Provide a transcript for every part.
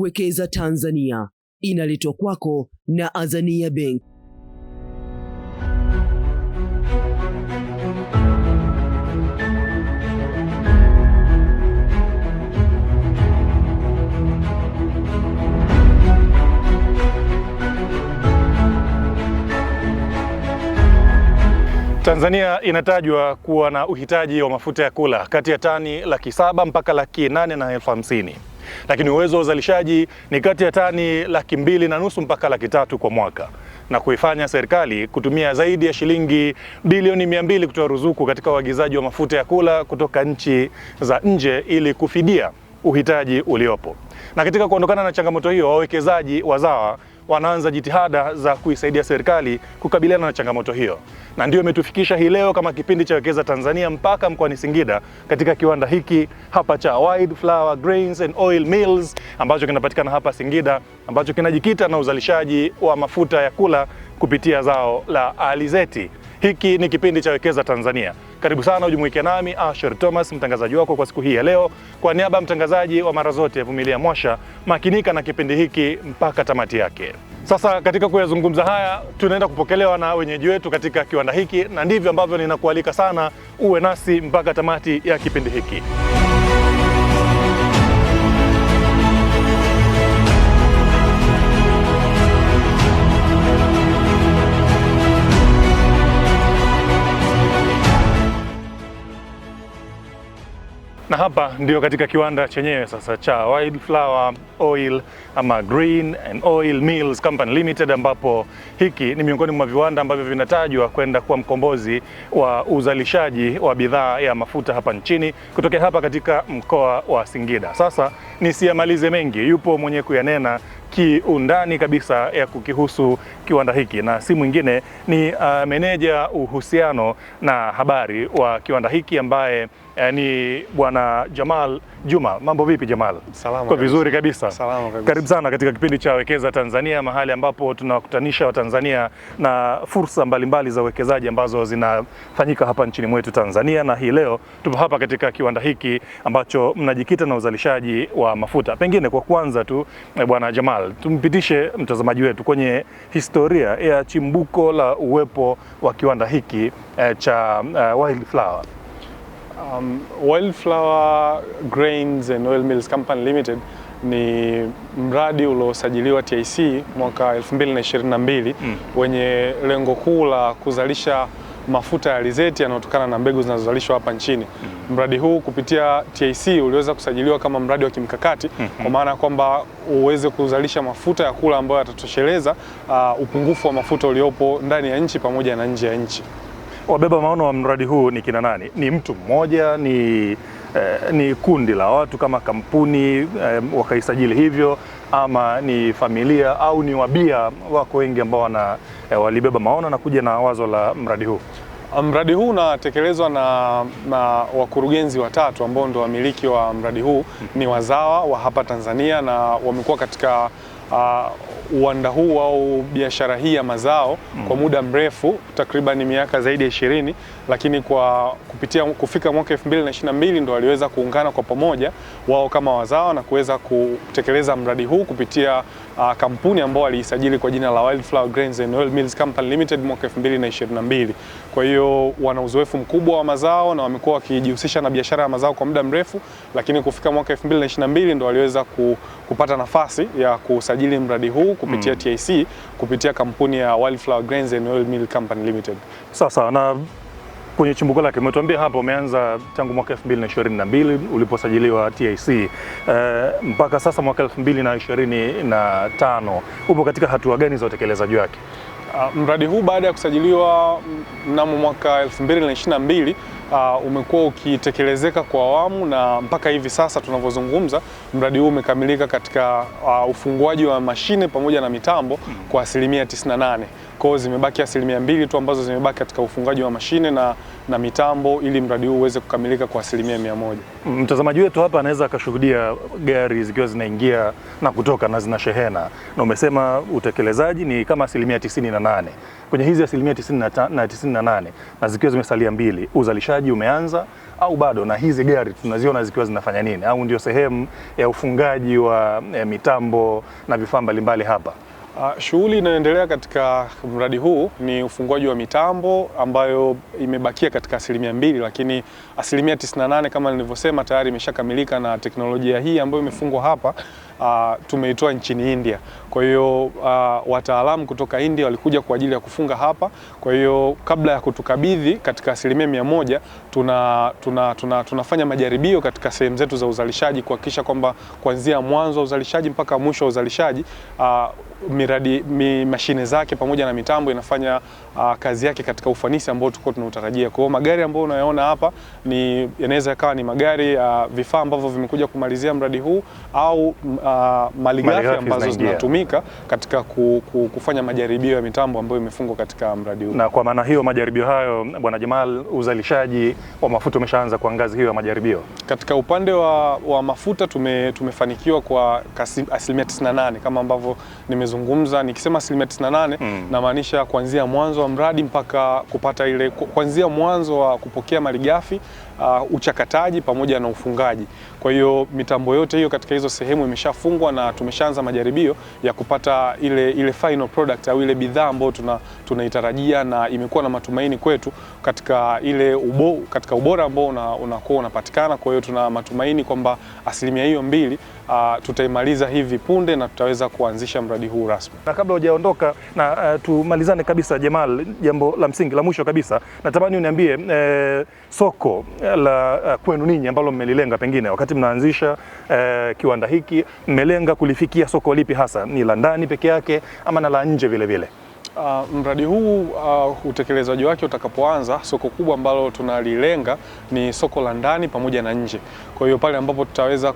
Wekeza Tanzania inaletwa kwako na Azania Bank. Tanzania inatajwa kuwa na uhitaji wa mafuta ya kula kati ya tani laki saba mpaka laki nane na elfu hamsini lakini uwezo wa uzalishaji ni kati ya tani laki mbili na nusu mpaka laki tatu kwa mwaka na kuifanya serikali kutumia zaidi ya shilingi bilioni mia mbili kutoa ruzuku katika uagizaji wa mafuta ya kula kutoka nchi za nje ili kufidia uhitaji uliopo. Na katika kuondokana na changamoto hiyo, wawekezaji wazawa wanaanza jitihada za kuisaidia serikali kukabiliana na changamoto hiyo, na ndio imetufikisha hii leo kama kipindi cha Wekeza Tanzania mpaka mkoani Singida katika kiwanda hiki hapa cha Wildflower Grains and Oil Mills ambacho kinapatikana hapa Singida, ambacho kinajikita na uzalishaji wa mafuta ya kula kupitia zao la alizeti. Hiki ni kipindi cha Wekeza Tanzania. Karibu sana ujumuike nami Asher Thomas, mtangazaji wako kwa siku hii ya leo. Kwa niaba ya mtangazaji wa mara zote Vumilia Mwasha, makinika na kipindi hiki mpaka tamati yake. Sasa katika kuyazungumza haya, tunaenda kupokelewa na wenyeji wetu katika kiwanda hiki, na ndivyo ambavyo ninakualika sana uwe nasi mpaka tamati ya kipindi hiki. na hapa ndio katika kiwanda chenyewe sasa cha Wildflower Oil ama Green and Oil Mills Company Limited, ambapo hiki ni miongoni mwa viwanda ambavyo vinatajwa kwenda kuwa mkombozi wa uzalishaji wa bidhaa ya mafuta hapa nchini kutokea hapa katika mkoa wa Singida. Sasa nisiyamalize mengi, yupo mwenye kuyanena kiundani kabisa ya kukihusu kiwanda hiki na si mwingine ni uh, meneja uhusiano na habari wa kiwanda hiki ambaye uh, ni Bwana Jamal Juma. Mambo vipi Jamal? Salama. Kwa vizuri kabisa. Salama kabisa. Karibu sana katika kipindi cha Wekeza Tanzania, mahali ambapo tunawakutanisha Watanzania na fursa mbalimbali mbali za uwekezaji ambazo zinafanyika hapa nchini mwetu Tanzania, na hii leo tupo hapa katika kiwanda hiki ambacho mnajikita na uzalishaji wa mafuta. Pengine kwa kwanza tu eh, Bwana Jamal, tumpitishe mtazamaji wetu kwenye historia historia ya chimbuko la uwepo wa kiwanda hiki eh, cha uh, Wildflower. Um, Wildflower Grains and Oil Mills Company Limited ni mradi uliosajiliwa TIC mwaka 2022 mm. wenye lengo kuu la kuzalisha mafuta ya alizeti yanayotokana na mbegu zinazozalishwa hapa nchini. Mm. Mradi huu kupitia TIC uliweza kusajiliwa kama mradi wa kimkakati mm -hmm. kwa maana kwamba uweze kuzalisha mafuta ya kula ambayo yatatosheleza uh, upungufu wa mafuta uliopo ndani ya nchi pamoja na nje ya nchi. Wabeba maono wa mradi huu ni kina nani? Ni mtu mmoja? Ni eh, ni kundi la watu kama kampuni eh, wakaisajili hivyo ama ni familia au ni wabia wako wengi ambao wana eh, walibeba maono na kuja na wazo la mradi huu? Ah, mradi huu unatekelezwa na, na wakurugenzi watatu ambao ndio wamiliki wa mradi huu ni wazawa wa hapa Tanzania na wamekuwa katika uh, uwanda huu au biashara hii ya mazao mm. kwa muda mrefu takriban miaka zaidi ya ishirini, lakini kwa kupitia kufika mwaka 2022 ndo waliweza kuungana kwa pamoja wao kama wazawa na kuweza kutekeleza mradi huu kupitia uh, kampuni ambayo aliisajili kwa jina la Wildflower Grains and Oil Mills Company Limited mwaka 2022. Kwa hiyo wana uzoefu mkubwa wa mazao na wamekuwa wakijihusisha na biashara ya mazao kwa muda mrefu, lakini kufika mwaka 2022 ndo waliweza ku, kupata nafasi ya kusajili mradi huu kupitia mm. TIC kupitia kampuni ya Wildflower Grains and Oil Mills Company Limited. Sawa sawa na kwenye chimbuko lake umetuambia hapa umeanza tangu mwaka 2022 uliposajiliwa TIC e, eh, mpaka sasa mwaka 2025 upo katika hatua gani za utekelezaji wake? Uh, mradi huu baada ya kusajiliwa mnamo mwaka 2022 uh, umekuwa ukitekelezeka kwa awamu na mpaka hivi sasa tunavyozungumza, mradi huu umekamilika katika uh, ufunguaji wa mashine pamoja na mitambo kwa asilimia 98. Kwa hiyo zimebaki asilimia mbili tu ambazo zimebaki katika ufungaji wa mashine na na mitambo ili mradi huu uweze kukamilika kwa asilimia mia moja. Mtazamaji wetu hapa anaweza akashuhudia gari zikiwa zinaingia na kutoka na zina shehena, na umesema utekelezaji ni kama asilimia tisini na nane kwenye hizi asilimia tisini na tisini na nane na zikiwa zimesalia mbili, uzalishaji umeanza au bado? Na hizi gari tunaziona zikiwa zinafanya nini, au ndio sehemu ya ufungaji wa eh, mitambo na vifaa mbalimbali hapa? Uh, shughuli inayoendelea katika mradi huu ni ufunguaji wa mitambo ambayo imebakia katika asilimia mbili, lakini asilimia 98 kama nilivyosema tayari imeshakamilika, na teknolojia hii ambayo imefungwa hapa uh, tumeitoa nchini India. Kwa hiyo uh, wataalamu kutoka India walikuja kwa ajili ya kufunga hapa. Kwa hiyo kabla ya kutukabidhi katika asilimia mia moja, tuna, tuna, tuna, tunafanya majaribio katika sehemu zetu za uzalishaji kuhakikisha kwamba kuanzia mwanzo wa uzalishaji mpaka mwisho wa uzalishaji uh, miradi mi, mashine zake pamoja na mitambo inafanya uh, kazi yake katika ufanisi ambao tulikuwa tunautarajia. Kwa hiyo magari ambayo unayaona hapa ni yanaweza yakawa ni magari uh, vifaa ambavyo vimekuja kumalizia mradi huu au uh, malighafi ambazo zinatumika katika ku, ku, kufanya majaribio ya mitambo ambayo imefungwa katika mradi huu. Na kwa maana hiyo majaribio hayo, Bwana Jamal, uzalishaji wa mafuta umeshaanza kwa ngazi hiyo ya majaribio. Katika upande wa, wa mafuta tume, tumefanikiwa kwa asilimia 98 kama ambavyo nime nimezungumza nikisema asilimia 98 mm. namaanisha kuanzia mwanzo wa mradi mpaka kupata ile kuanzia mwanzo wa kupokea malighafi uh, uchakataji pamoja na ufungaji. Kwa hiyo mitambo yote hiyo katika hizo sehemu imeshafungwa na tumeshaanza majaribio ya kupata ile, ile final product au ile bidhaa ambayo tuna, tunaitarajia na imekuwa na matumaini kwetu katika ile ubo, katika ubora ambao unakuwa unapatikana. Kwa hiyo tuna matumaini kwamba asilimia hiyo mbili uh, tutaimaliza hivi punde na tutaweza kuanzisha mradi huu rasmi. Na kabla hujaondoka na uh, tumalizane kabisa Jamal, jambo la msingi la mwisho kabisa natamani uniambie uh, soko eh, la uh, kwenu ninyi ambalo mmelilenga pengine wakati wakati mnaanzisha eh, kiwanda hiki mmelenga kulifikia soko lipi hasa? Ni la ndani peke yake ama na la nje vile vile? Uh, mradi huu uh, utekelezaji wake utakapoanza, soko kubwa ambalo tunalilenga ni soko la ndani pamoja na nje. Kwa hiyo pale ambapo tutaweza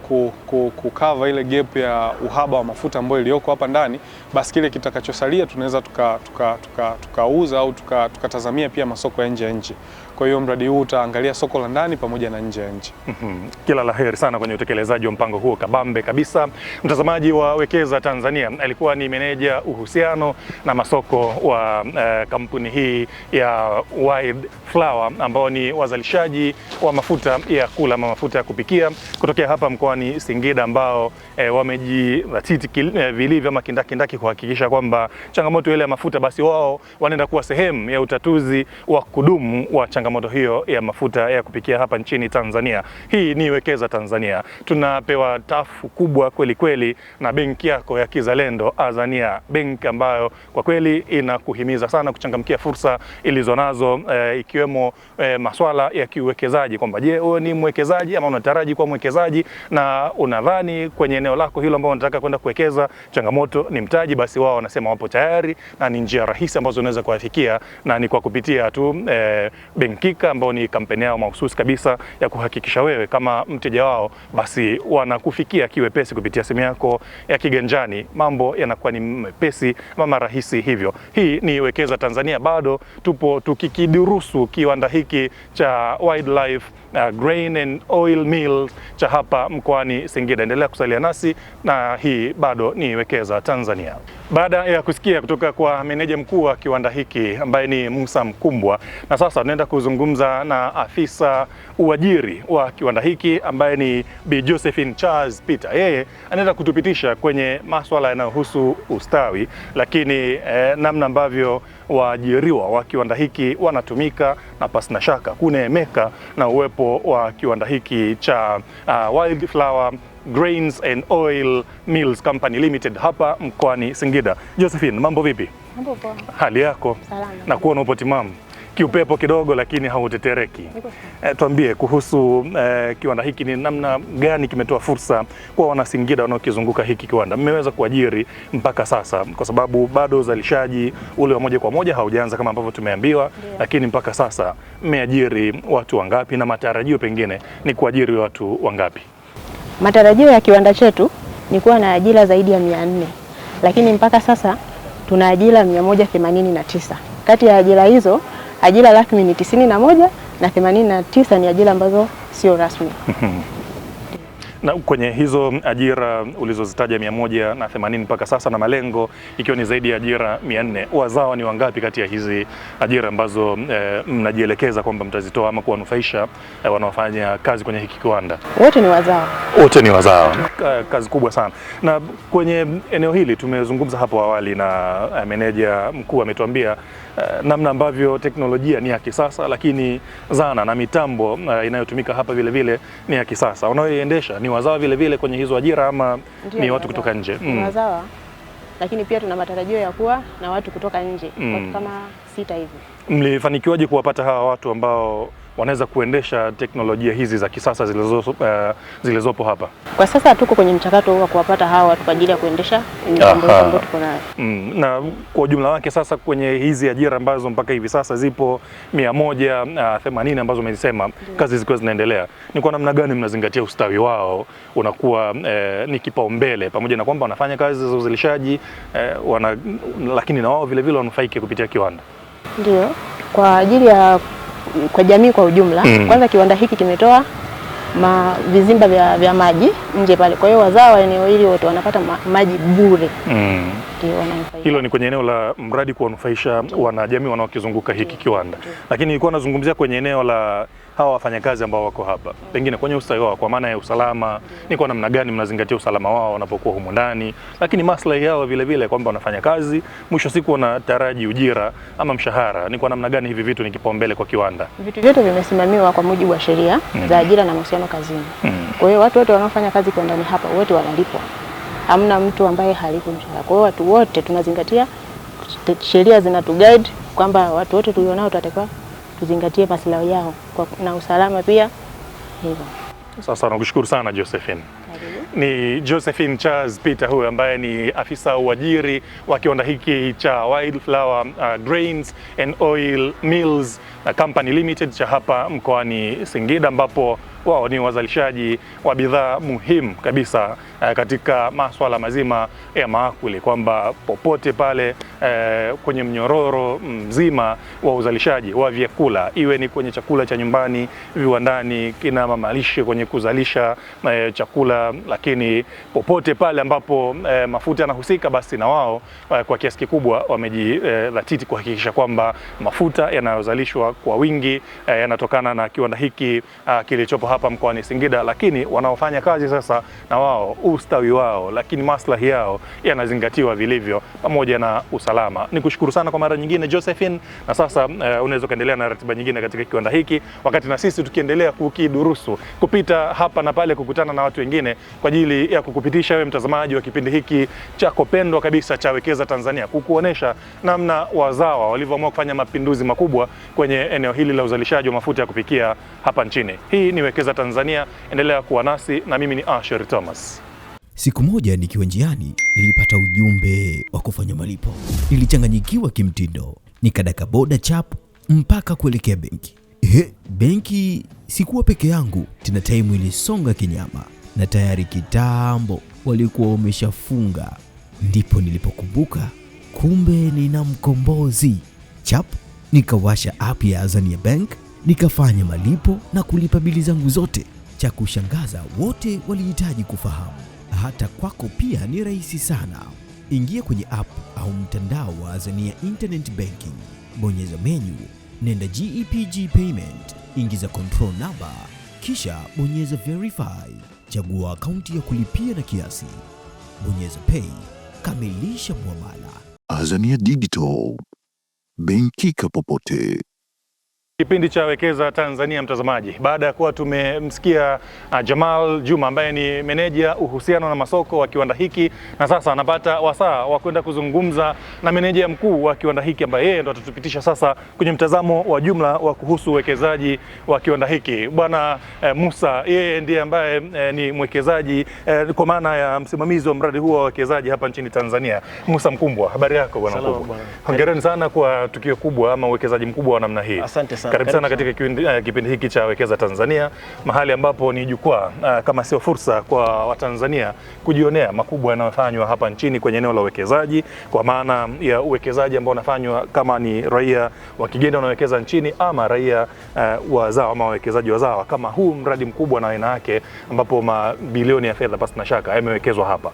kukava ile gap ya uhaba wa mafuta ambayo iliyoko hapa ndani, basi kile kitakachosalia tunaweza tukauza tuka, tuka, tuka au tukatazamia tuka pia masoko ya nje ya nje kwa hiyo mradi huu utaangalia soko la ndani pamoja na nje ya nchi. Mm -hmm. Kila la heri sana kwenye utekelezaji wa mpango huo kabambe kabisa. Mtazamaji wa Wekeza Tanzania alikuwa ni meneja uhusiano na masoko wa uh, kampuni hii ya Wild Flower ambao ni wazalishaji wa mafuta ya kula ama mafuta ya kupikia kutokea hapa mkoani Singida ambao eh, wamejidhatiti eh, vilivyo ama kindakindaki kuhakikisha kwamba changamoto ile ya mafuta basi wao wanaenda kuwa sehemu ya utatuzi wa kudumu wa changamoto changamoto hiyo ya mafuta ya kupikia hapa nchini Tanzania. Hii ni Wekeza Tanzania, tunapewa tafu kubwa kweli kweli na benki yako ya kizalendo Azania, benki ambayo kwa kweli inakuhimiza sana kuchangamkia fursa nazo e, ikiwemo e, maswala ya kiuwekezaji kwamba je, wewe ni mwekezaji ama unataraji kuwa mwekezaji na unadhani kwenye eneo lako hilo ambao unataka kwenda kuwekeza changamoto ni mtaji, basi wao wanasema wapo tayari na ni njia rahisi ambazo unaweza kuwafikia na ni kwa kupitia tu e, benki uhakika ambao ni kampeni yao mahususi kabisa ya kuhakikisha wewe kama mteja wao, basi wanakufikia kiwepesi kupitia simu yako ya kiganjani. Mambo yanakuwa ni mepesi mama rahisi hivyo. Hii ni Wekeza Tanzania, bado tupo tukikidurusu kiwanda hiki cha Wildlife Uh, grain and oil mills cha hapa mkoani Singida. Endelea kusalia nasi na hii bado ni Wekeza Tanzania. Baada ya kusikia kutoka kwa meneja mkuu wa kiwanda hiki ambaye ni Musa Mkumbwa, na sasa tunaenda kuzungumza na afisa uajiri wa kiwanda hiki ambaye ni Bi Josephine Charles Peter. Yeye anaenda kutupitisha kwenye maswala yanayohusu ustawi, lakini eh, namna ambavyo waajiriwa wa kiwanda hiki wanatumika na pasina shaka kuneemeka na uwepo wa kiwanda hiki cha uh, Wildflower Grains and Oil Mills Company Limited hapa mkoani Singida. Josephine, mambo vipi? Mambo poa. Hali yako? Salama. Na kuona upo timamu? kiupepo kidogo, lakini hautetereki. E, tuambie kuhusu e, kiwanda hiki ni namna gani kimetoa fursa kwa Wanasingida wanaokizunguka hiki kiwanda? Mmeweza kuajiri mpaka sasa, kwa sababu bado uzalishaji ule wa moja kwa moja haujaanza kama ambavyo tumeambiwa yeah. Lakini mpaka sasa mmeajiri watu wangapi, na matarajio pengine ni kuajiri watu wangapi? Matarajio ya kiwanda chetu ni kuwa na ajira zaidi ya mia nne lakini mpaka sasa tuna ajira mia moja themanini na tisa. Kati ya ajira hizo Ajira rasmi ni tisini na moja na themanini na tisa ni ajira ambazo sio rasmi. Na kwenye hizo ajira ulizozitaja mia moja na themanini mpaka sasa na malengo ikiwa ni zaidi ya ajira mia nne wazawa ni wangapi kati ya hizi ajira ambazo e, mnajielekeza kwamba mtazitoa ama kuwanufaisha e, wanaofanya kazi kwenye hiki kiwanda? Wote ni wazawa, wote ni wazawa. Kazi kubwa sana. Na kwenye eneo hili tumezungumza hapo awali na eh, meneja mkuu ametuambia Eh, namna ambavyo teknolojia ni ya kisasa, lakini zana na mitambo eh, inayotumika hapa vile vile ni ya kisasa. Wanaoiendesha ni wazawa vile vile kwenye hizo ajira ama Ndiyo, ni watu wazawa kutoka nje? Mm. Wazawa, lakini pia tuna matarajio ya kuwa na watu kutoka nje mm. watu kama sita hivi. Mlifanikiwaje kuwapata hawa watu ambao wanaweza kuendesha teknolojia hizi za kisasa zilizopo, uh, eh, zilizopo hapa. Kwa sasa tuko kwenye mchakato wa kuwapata hawa watu kwa ajili ya kuendesha mitambo tuko nayo mm, na kwa ujumla wake sasa kwenye hizi ajira ambazo mpaka hivi sasa zipo mia moja uh, themanini ambazo umezisema kazi zikiwa zinaendelea, ni kwa namna gani mnazingatia ustawi wao unakuwa eh, ni kipaumbele, pamoja na kwamba wanafanya kazi za uzalishaji eh, wana, lakini na wao vilevile wanufaike kupitia kiwanda, ndio kwa ajili ya kwa jamii kwa ujumla mm. Kwanza kiwanda hiki kimetoa ma vizimba vya, vya maji nje pale, kwa hiyo wazao wa eneo hili wote wanapata ma, maji bure mm. Hilo ni kwenye eneo la mradi kuwanufaisha wanajamii wanaokizunguka hiki kiwanda, lakini nilikuwa nazungumzia kwenye eneo la hawa wafanyakazi ambao wako hapa, pengine kwenye ustawi wao, kwa maana ya usalama, ni kwa namna gani mnazingatia usalama wao wanapokuwa humu ndani, lakini maslahi yao vile vile, kwamba wanafanya kazi, mwisho siku wanataraji ujira ama mshahara, ni kwa namna gani hivi vitu ni kipaumbele kwa kiwanda? Vitu vyote vimesimamiwa kwa mujibu wa sheria mm -hmm. za ajira na mahusiano kazini mm -hmm. kwa hiyo watu wote wanaofanya kazi kwa ndani hapa wote wanalipwa, hamna mtu ambaye halipwi mshahara. Kwa hiyo watu wote tunazingatia, sheria zinatuguide kwamba watu wote tulionao tutatakiwa tuzingatie maslahi yao kwa, na usalama pia hivyo. Sasa nakushukuru sana Josephine. Ni Josephine Charles Peter huyu ambaye ni afisa uajiri wa kiwanda hiki cha Wildflower uh, Grains and Oil Mills na uh, Company Limited cha hapa mkoani Singida ambapo wao ni wazalishaji wa bidhaa muhimu kabisa eh, katika masuala mazima ya maakuli, kwamba popote pale eh, kwenye mnyororo mzima wa uzalishaji wa vyakula, iwe ni kwenye chakula cha nyumbani, viwandani, kina mama lishe kwenye kuzalisha eh, chakula, lakini popote pale ambapo eh, mafuta yanahusika, basi na wao eh, kwa kiasi kikubwa wamejidhatiti eh, kuhakikisha kwamba mafuta yanayozalishwa kwa wingi eh, yanatokana na kiwanda hiki ah, kilichopo hapa mkoani Singida, lakini wanaofanya kazi sasa na wao ustawi wao, lakini maslahi yao yanazingatiwa vilivyo, pamoja na usalama. Ni kushukuru sana kwa mara nyingine Josephine, na sasa uh, unaweza ukaendelea na ratiba nyingine katika kiwanda hiki, wakati na sisi tukiendelea kukidurusu kupita hapa na pale, kukutana na watu wengine kwa ajili ya kukupitisha wewe mtazamaji wa kipindi hiki chako pendwa kabisa cha Wekeza Tanzania, kukuonesha namna wazawa walivyoamua kufanya mapinduzi makubwa kwenye eneo hili la uzalishaji wa mafuta ya kupikia hapa nchini. Hii ni Wekeza Mwanamke za Tanzania, endelea kuwa nasi na mimi ni Asher Thomas. Siku moja nikiwa njiani nilipata ujumbe wa kufanya malipo. Nilichanganyikiwa kimtindo, nikadaka boda chap mpaka kuelekea benki. Ehe, benki sikuwa peke yangu tena, taimu ilisonga kinyama na tayari kitambo walikuwa wameshafunga. Ndipo nilipokumbuka kumbe nina mkombozi chap, nikawasha app ya Azania Bank Nikafanya malipo na kulipa bili zangu zote. Cha kushangaza, wote walihitaji kufahamu. Hata kwako pia ni rahisi sana. Ingia kwenye app au mtandao wa Azania Internet Banking, bonyeza menu, nenda GEPG e payment, ingiza control number, kisha bonyeza verify, chagua akaunti ya kulipia na kiasi, bonyeza pay, kamilisha muamala. Azania Digital, benki kapopote. popote. Kipindi cha Wekeza Tanzania, mtazamaji, baada ya kuwa tumemsikia uh, Jamal Juma ambaye ni meneja uhusiano na masoko wa kiwanda hiki, na sasa anapata wasaa wa kwenda kuzungumza na meneja mkuu wa kiwanda hiki ambaye yeye ndo atatupitisha sasa kwenye mtazamo wa jumla wa kuhusu uwekezaji wa kiwanda hiki. Bwana eh, Musa yeye ndiye ambaye eh, ni mwekezaji eh, kwa maana ya msimamizi wa mradi huo wa wekezaji hapa nchini Tanzania. Musa Mkumbwa, habari yako bwana Mkumbwa? Hongereni sana kwa tukio kubwa ama uwekezaji mkubwa wa namna hii. Asante sana. Karibu sana katika eh, kipindi hiki cha Wekeza Tanzania, mahali ambapo ni jukwaa eh, kama sio fursa kwa Watanzania kujionea makubwa yanayofanywa hapa nchini kwenye eneo la uwekezaji, kwa maana ya uwekezaji ambao unafanywa kama ni raia wa kigeni wanaowekeza nchini ama raia uh, eh, wazawa ama wawekezaji wazawa, kama huu mradi mkubwa na aina yake ambapo mabilioni ya fedha basi na shaka yamewekezwa hapa.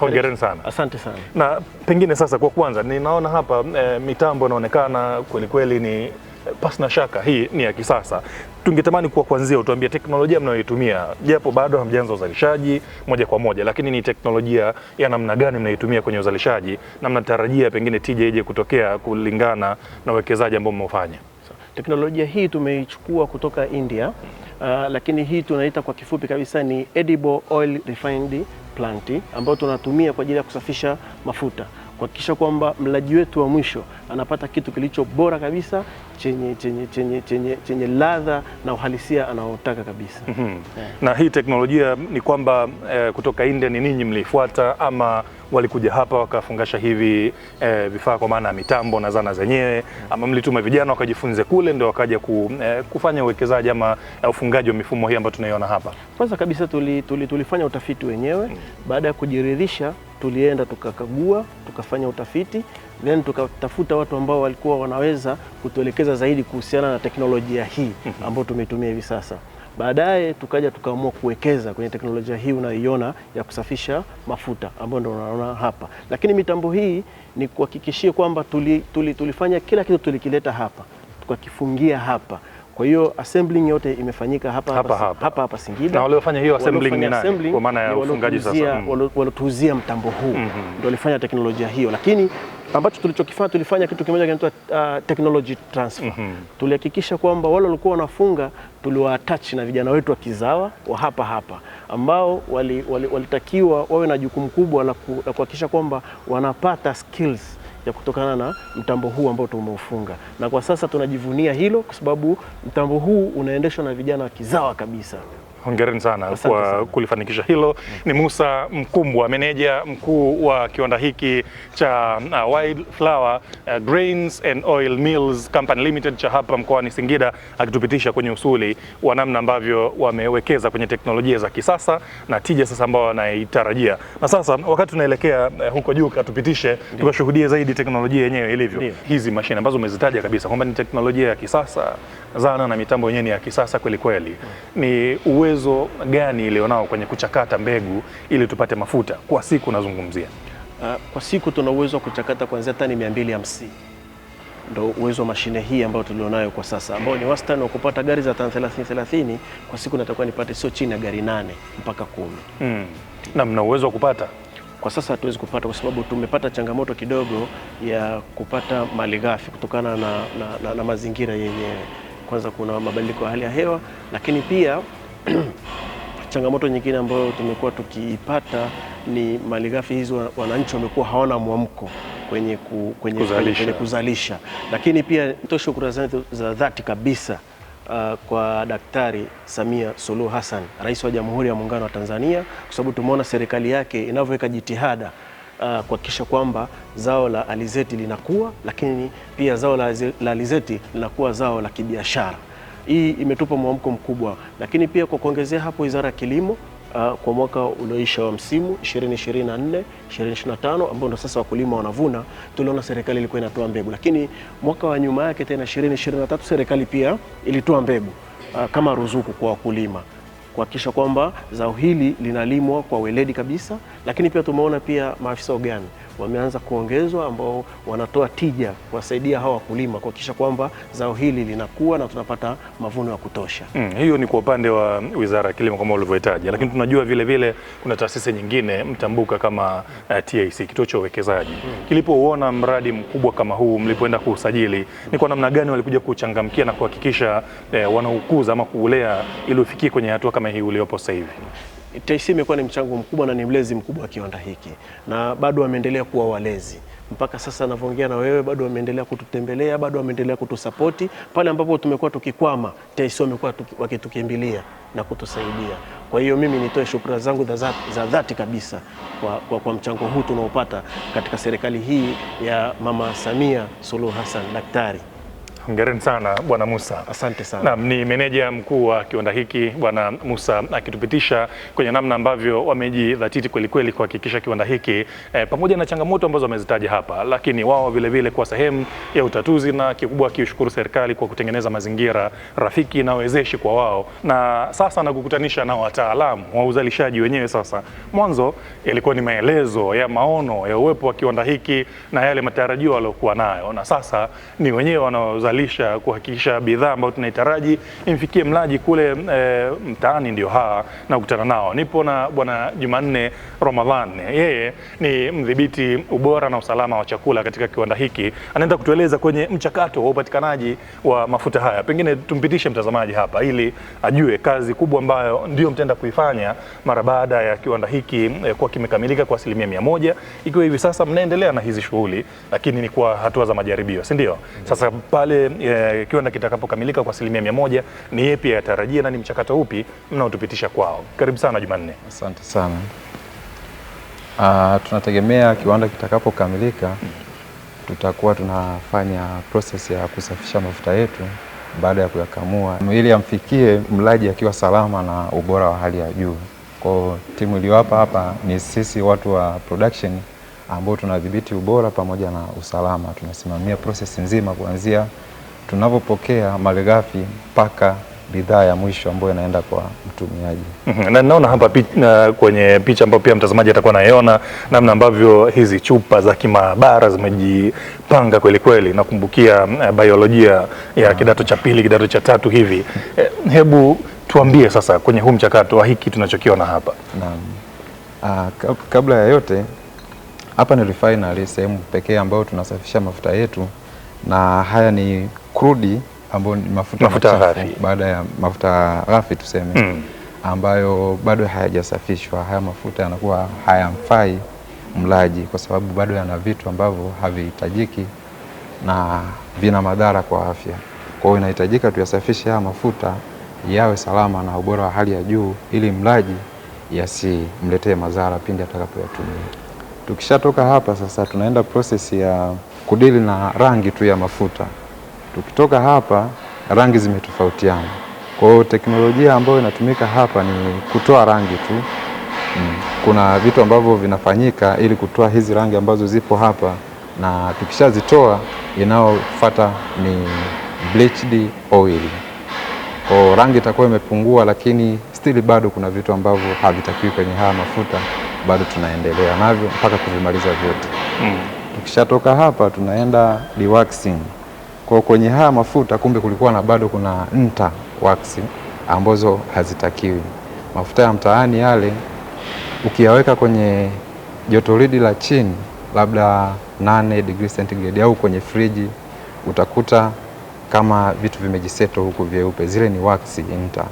Hongereni sana, asante sana. Na pengine sasa, kwa kwanza, ninaona hapa e, mitambo inaonekana kwelikweli ni eh, pasi na shaka hii ni ya kisasa. Tungetamani kuwa kwanzia utuambie teknolojia mnayoitumia, japo bado hamjaanza uzalishaji moja kwa moja, lakini ni teknolojia ya namna gani mnaitumia kwenye uzalishaji na mnatarajia pengine tija ije kutokea kulingana na uwekezaji ambao mmeufanya? Teknolojia hii tumeichukua kutoka India. Uh, lakini hii tunaita kwa kifupi kabisa ni edible oil refined plant ambayo tunatumia kwa ajili ya kusafisha mafuta kuhakikisha kwamba mlaji wetu wa mwisho anapata kitu kilicho bora kabisa chenye, chenye, chenye, chenye, chenye ladha na uhalisia anaotaka kabisa. mm -hmm. yeah. Na hii teknolojia ni kwamba eh, kutoka India ni ninyi mliifuata ama walikuja hapa wakafungasha hivi eh, vifaa kwa maana ya mitambo na zana zenyewe ama mlituma vijana wakajifunze kule ndio wakaja ku, eh, kufanya uwekezaji ama eh, ufungaji wa mifumo hii ambayo tunaiona hapa? Kwanza kabisa tuli, tuli, tulifanya utafiti wenyewe mm. baada ya kujiridhisha tulienda tukakagua, tukafanya utafiti, then tukatafuta watu ambao walikuwa wanaweza kutuelekeza zaidi kuhusiana na teknolojia hii ambayo tumeitumia hivi sasa. Baadaye tukaja tukaamua kuwekeza kwenye teknolojia hii unayoiona ya kusafisha mafuta ambayo ndio unaona hapa, lakini mitambo hii ni kuhakikishia kwamba tuli, tuli, tulifanya kila kitu tulikileta hapa tukakifungia hapa. Kwa hiyo assembling yote imefanyika hapa hapa, hapa. hapa, hapa Singida. Na waliofanya hiyo assembling ni nani? Kwa maana ya ufungaji sasa. Waliotuuzia mm. mtambo huu mm -hmm. Ndio walifanya teknolojia hiyo, lakini ambacho tulichokifanya tulifanya kitu kimoja kinaitwa uh, technology transfer mm -hmm. Tulihakikisha kwamba wale walikuwa wanafunga tuliwaattach na vijana wetu wa kizawa wa hapa hapa ambao walitakiwa wali, wali wawe na jukumu kubwa la kuhakikisha kwamba wanapata skills ya kutokana na mtambo huu ambao tumeufunga, na kwa sasa tunajivunia hilo kwa sababu mtambo huu unaendeshwa na vijana wa kizawa kabisa hongereni sana kwa kulifanikisha hilo. Mm. Ni Musa Mkumbwa, meneja mkuu wa kiwanda hiki cha uh, Wildflower uh, Grains and Oil Mills Company Limited cha hapa mkoani Singida, akitupitisha kwenye usuli wa namna ambavyo wamewekeza kwenye teknolojia za kisasa na tija sasa ambao wanaitarajia. Na sasa wakati tunaelekea uh, huko juu, katupitishe tukashuhudie zaidi teknolojia yenyewe ilivyo. Ndiyo. Hizi mashine ambazo umezitaja kabisa kwamba ni teknolojia ya kisasa, zana na mitambo yenyewe ni ya kisasa kweli kweli, hmm. ni uwezo uwezo gani ilionao kwenye kuchakata mbegu ili tupate mafuta kwa siku? Nazungumzia uh, kwa siku tuna uwezo wa kuchakata kuanzia tani 250 ndio uwezo wa mashine hii ambayo tulionayo kwa sasa, ambao ni wastani wa kupata gari za tani 30 30 kwa siku. Natakuwa nipate sio chini ya gari nane mpaka kumi. Mm. Na mna uwezo wa kupata kwa sasa? Hatuwezi kupata kwa sababu tumepata changamoto kidogo ya kupata malighafi kutokana na, na, na, na mazingira yenyewe. Kwanza kuna mabadiliko ya hali ya hewa, lakini pia changamoto nyingine ambayo tumekuwa tukiipata ni malighafi hizo wananchi wamekuwa hawana mwamko kwenye, ku, kwenye, kuzalisha. kwenye kuzalisha, lakini pia nitoe shukrani za dhati kabisa uh, kwa Daktari Samia Suluhu Hassan, Rais wa Jamhuri ya Muungano wa Tanzania, kwa sababu tumeona serikali yake inavyoweka jitihada Uh, kuhakikisha kwamba zao la alizeti linakuwa, lakini pia zao la, la alizeti linakuwa zao la kibiashara. Hii imetupa mwamko mkubwa, lakini pia kwa kuongezea hapo, Wizara ya Kilimo Uh, kwa mwaka ulioisha wa msimu 2024 2025 ambao ndo sasa wakulima wanavuna, tuliona serikali ilikuwa inatoa mbegu, lakini mwaka wa nyuma yake tena 2023 serikali pia ilitoa mbegu uh, kama ruzuku kwa wakulima kuhakikisha kwamba zao hili linalimwa kwa weledi kabisa, lakini pia tumeona pia maafisa ugani wameanza kuongezwa ambao wanatoa tija kuwasaidia hawa wakulima kuhakikisha kwamba zao hili linakuwa na tunapata mavuno ya kutosha. Mm, hiyo ni kwa upande wa Wizara ya Kilimo kama ulivyohitaji, lakini mm. tunajua vile vile kuna taasisi nyingine mtambuka kama uh, eh, TIC kituo cha uwekezaji mm. Kilipouona mradi mkubwa kama huu, mlipoenda kuusajili mm, ni kwa namna gani walikuja kuchangamkia na kuhakikisha eh, wanaukuza ama kuulea ili ufikie kwenye hatua kama hii uliopo sasa hivi? TIC imekuwa ni mchango mkubwa na ni mlezi mkubwa wa kiwanda hiki na bado wameendelea kuwa walezi mpaka sasa anavyoongea na wewe, bado wameendelea kututembelea, bado wameendelea kutusapoti pale ambapo tumekuwa tukikwama. TIC wamekuwa wakitukimbilia na kutusaidia. Kwa hiyo mimi nitoe shukrani zangu za dhati kabisa kwa, kwa, kwa mchango huu tunaopata katika serikali hii ya Mama Samia Suluhu Hassan Daktari. Hongereni sana Bwana Musa. Asante sana. Naam, ni meneja mkuu wa kiwanda hiki Bwana Musa akitupitisha kwenye namna ambavyo wamejidhatiti kweli kweli kuhakikisha kiwanda hiki e, pamoja na changamoto ambazo wamezitaja hapa, lakini wao vile vile kwa sehemu ya utatuzi na kikubwa kiushukuru serikali kwa kutengeneza mazingira rafiki na wezeshi kwa wao, na sasa nakukutanisha na wataalamu wa uzalishaji wenyewe. Sasa mwanzo yalikuwa ni maelezo ya maono ya uwepo wa kiwanda hiki na yale matarajio waliokuwa nayo, na sasa ni wenyewe wanao kuzalisha kuhakikisha bidhaa ambayo tunaitaraji imfikie mlaji kule e, mtaani ndio haa na kukutana nao. Nipo na Bwana Jumanne Ramadhan, yeye ni mdhibiti ubora na usalama wa chakula katika kiwanda hiki, anaenda kutueleza kwenye mchakato wa upatikanaji wa mafuta haya. Pengine tumpitishe mtazamaji hapa ili ajue kazi kubwa ambayo ndio mtaenda kuifanya mara baada ya kiwanda hiki e, kuwa kimekamilika kwa asilimia mia moja, ikiwa hivi sasa mnaendelea na hizi shughuli, lakini ni kwa hatua za majaribio, si ndio? Sasa pale Eh, kiwanda kitakapokamilika kwa asilimia mia moja, ni yepi yatarajia na ni mchakato upi mnaotupitisha kwao? Karibu sana Jumanne. Asante sana. Uh, tunategemea kiwanda kitakapokamilika tutakuwa tunafanya proses ya kusafisha mafuta yetu baada ya kuyakamua ili amfikie mlaji akiwa salama na ubora wa hali ya juu. Kwa timu iliyowapa hapa ni sisi watu wa production ambao tunadhibiti ubora pamoja na usalama. Tunasimamia proses nzima kuanzia tunavyopokea malighafi mpaka bidhaa ya mwisho ambayo inaenda kwa mtumiaji. Mhm. Na naona hapa pi, na, kwenye picha ambayo pia mtazamaji atakuwa naiona namna ambavyo hizi chupa za kimaabara zimejipanga kweli kweli, nakumbukia uh, biolojia ya mm. kidato cha pili, kidato cha tatu hivi. Eh, hebu tuambie sasa kwenye huu mchakato wa hiki tunachokiona hapa. Naam. Ah, kabla ya yote hapa ni refinery, sehemu pekee ambayo tunasafisha mafuta yetu na haya ni krudi ambayo ni mafuta, mafuta ghafi, baada ya mafuta ghafi tuseme mm. ambayo bado hayajasafishwa, haya mafuta yanakuwa hayamfai mlaji kwa sababu bado yana vitu ambavyo havihitajiki na vina madhara kwa afya. Kwa hiyo inahitajika tuyasafishe haya mafuta yawe salama na ubora wa hali ya juu, ili mlaji yasimletee madhara pindi atakapoyatumia. Tukishatoka hapa sasa, tunaenda prosesi ya kudili na rangi tu ya mafuta. Tukitoka hapa rangi zimetofautiana, kwa hiyo teknolojia ambayo inatumika hapa ni kutoa rangi tu. Mm. Kuna vitu ambavyo vinafanyika ili kutoa hizi rangi ambazo zipo hapa, na tukishazitoa inayofuata ni bleached oil. Kwa rangi itakuwa imepungua, lakini stili bado kuna vitu ambavyo havitakiwi kwenye haya mafuta, bado tunaendelea navyo mpaka kuvimaliza vyote. Mm. Tukishatoka hapa tunaenda dewaxing. Kwa kwenye haya mafuta kumbe kulikuwa na bado kuna nta wax ambazo hazitakiwi. Mafuta ya mtaani yale ukiyaweka kwenye jotoridi la chini labda 8 degree centigrade au kwenye friji utakuta kama vitu vimejiseto huku vyeupe, zile ni wax nta,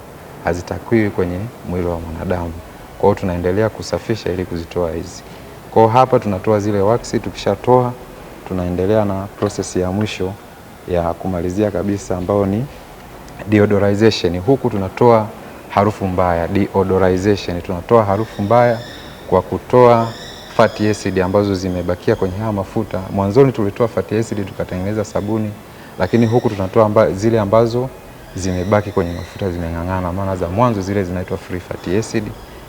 hazitakiwi kwenye mwili wa mwanadamu. Kwa hiyo tunaendelea kusafisha ili kuzitoa hizi. Kwa hiyo hapa tunatoa zile waksi tukishatoa tunaendelea na prosesi ya mwisho ya kumalizia kabisa ambayo ni deodorization. Huku tunatoa harufu mbaya, deodorization, tunatoa harufu mbaya kwa kutoa fatty acid ambazo zimebakia kwenye haya mafuta. Mwanzoni tulitoa fatty acid tukatengeneza sabuni, lakini huku tunatoa amba, zile ambazo zimebaki kwenye mafuta zimeng'ang'ana, maana za mwanzo zile zinaitwa free fatty acid,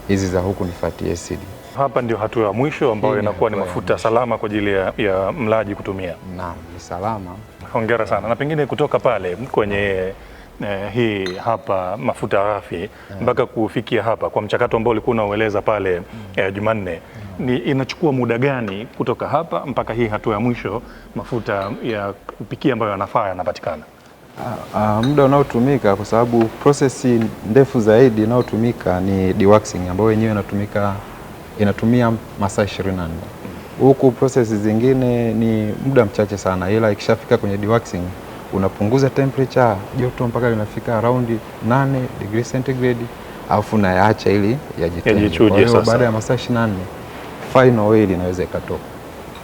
hizi za huku ni fatty acid. Hapa ndio hatua ya mwisho ambayo inakuwa ni mafuta salama kwa ajili ya, ya mlaji kutumia. Naam, ni salama. Hongera sana. Na pengine kutoka pale kwenye eh, hii hapa mafuta ghafi mpaka kufikia hapa kwa mchakato ambao ulikuwa unaueleza pale mm. eh, Jumanne ni inachukua muda gani kutoka hapa mpaka hii hatua ya mwisho mafuta ya kupikia ambayo yanafaa yanapatikana? Uh, muda unaotumika kwa sababu process ndefu zaidi inayotumika ni dewaxing ambayo yenyewe inatumia masaa 24. Huku process zingine ni muda mchache sana, ila ikishafika kwenye dewaxing unapunguza temperature joto mpaka linafika around 8 degree centigrade, alafu nayaacha ili yajichuje. Kwa baada ya masaa 24 final oil inaweza ikatoka.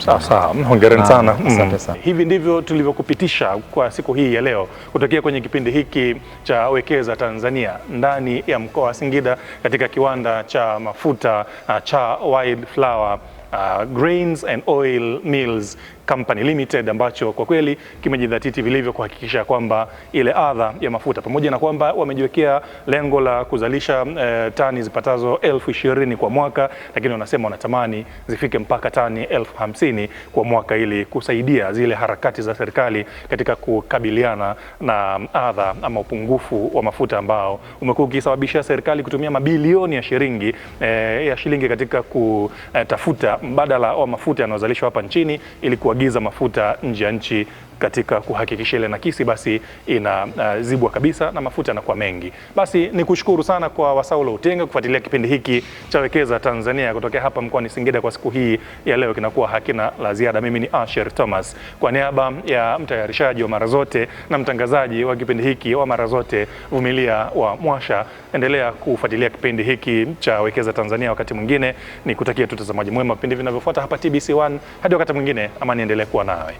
Sawa sawa, mm, hongereni sana. Mm. sana. Hivi ndivyo tulivyokupitisha kwa siku hii ya leo kutokea kwenye kipindi hiki cha Wekeza Tanzania ndani ya mkoa wa Singida katika kiwanda cha mafuta uh, cha Wildflower Uh, grains and oil mills Company Limited ambacho kwa kweli kimejidhatiti vilivyo kuhakikisha kwamba ile adha ya mafuta pamoja na kwamba wamejiwekea lengo la kuzalisha eh, tani zipatazo elfu ishirini kwa mwaka, lakini wanasema wanatamani zifike mpaka tani elfu hamsini kwa mwaka ili kusaidia zile harakati za serikali katika kukabiliana na adha ama upungufu wa mafuta ambao umekuwa ukisababisha serikali kutumia mabilioni ya shilingi eh, ya shilingi katika kutafuta mbadala wa mafuta yanayozalishwa hapa nchini ili kuagiza mafuta nje ya nchi katika kuhakikisha ile nakisi basi inazibwa eh, uh, kabisa na mafuta yanakuwa mengi. Basi ni kushukuru sana kwa Wasaulo Utenga kufuatilia kipindi hiki cha Wekeza Tanzania kutokea hapa mkoani Singida kwa siku hii ya leo, kinakuwa hakina la ziada. Mimi ni Asher Thomas kwa niaba ya mtayarishaji wa mara zote na mtangazaji wa kipindi hiki wa mara zote Vumilia wa Mwasha, endelea kufuatilia kipindi hiki cha Wekeza Tanzania. Wakati mwingine ni kutakia tutazamaji mwema vipindi vinavyofuata hapa TBC1. Hadi wakati mwingine, amani endelee kuwa nawe.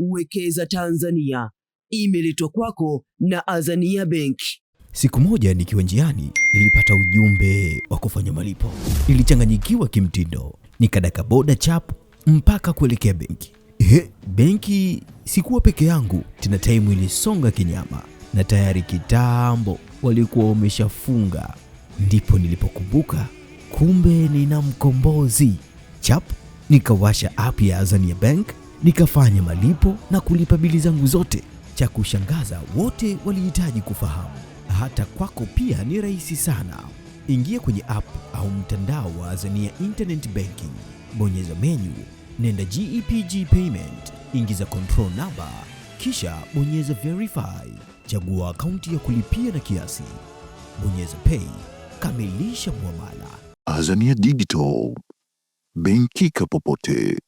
Wekeza Tanzania imeletwa kwako na Azania Bank. Siku moja nikiwa njiani nilipata ujumbe wa kufanya malipo. ilichanganyikiwa kimtindo, nikadaka boda chap mpaka kuelekea benki. Ehe, benki sikuwa peke yangu tena, taimu ilisonga kinyama na tayari kitambo walikuwa wameshafunga. Ndipo nilipokumbuka kumbe nina mkombozi chap, nikawasha app ya Azania Bank Nikafanya malipo na kulipa bili zangu zote. Cha kushangaza, wote walihitaji kufahamu. Hata kwako pia ni rahisi sana. Ingia kwenye app au mtandao wa Azania Internet Banking, bonyeza menu, nenda GEPG e payment, ingiza control number, kisha bonyeza verify, chagua akaunti ya kulipia na kiasi, bonyeza pay, kamilisha muamala. Azania Digital, benki kapopote popote.